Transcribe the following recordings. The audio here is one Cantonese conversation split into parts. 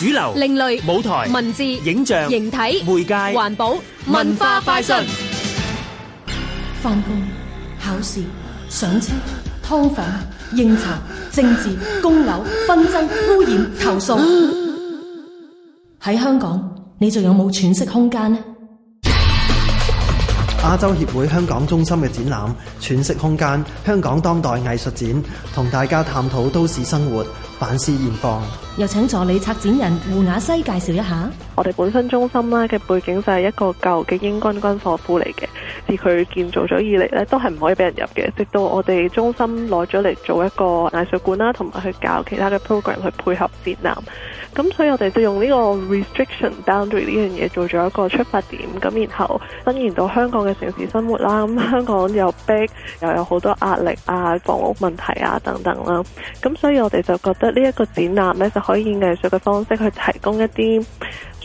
主流、另類、舞台、文字、影像、形體、媒介、環保、文化快訊、返工、考試、上車、劏房、應酬、政治、供樓、紛爭、污染、投訴。喺香港，你仲有冇喘息空間呢？亞洲協會香港中心嘅展覽《喘息空間：香港當代藝術展》同大家探討都市生活反思現況，又請助理策展人胡雅西介紹一下。我哋本身中心咧嘅背景就係一個舊嘅英軍軍火庫嚟嘅。自佢建造咗以嚟咧，都係唔可以俾人入嘅，直到我哋中心攞咗嚟做一個藝術館啦，同埋去搞其他嘅 program 去配合展覽。咁所以我哋就用呢個 restriction boundary 呢樣嘢做咗一個出發點。咁然後伸延到香港嘅城市生活啦。咁香港又逼，又有好多壓力啊、房屋問題啊等等啦。咁所以我哋就覺得呢一個展覽呢，就可以以藝術嘅方式去提供一啲。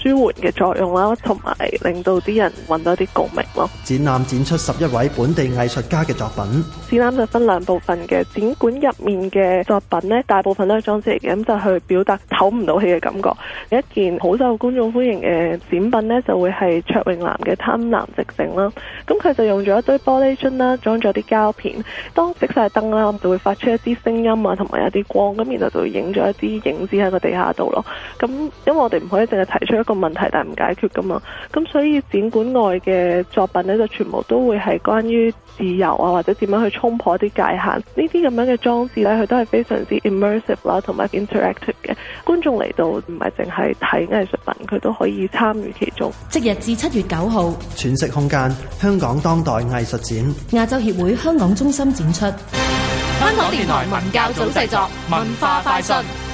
舒緩嘅作用啦，同埋令到啲人揾到啲共鳴咯。展覽展出十一位本地藝術家嘅作品。展覽就分兩部分嘅，展館入面嘅作品呢，大部分都係裝置嚟嘅，咁就去表達唞唔到氣嘅感覺。另一件好受觀眾歡迎嘅展品呢，就會係卓永南嘅《深藍直性》啦。咁佢就用咗一堆玻璃樽啦，裝咗啲膠片。當熄晒燈啦，就會發出一啲聲音啊，同埋一啲光，咁然後就會影咗一啲影子喺個地下度咯。咁因為我哋唔可以淨係提出一個問題，但唔解決噶嘛，咁所以展館內嘅作品咧，就全部都會係關於自由啊，或者點樣去衝破啲界限。這這呢啲咁樣嘅裝置咧，佢都係非常之 immersive 啦、啊，同埋 interactive 嘅。觀眾嚟到唔係淨係睇藝術品，佢都可以參與其中。即日至七月九號，全息空間香港當代藝術展，亞洲協會香港中心展出。香港電台文教組製作，作，文化快訊。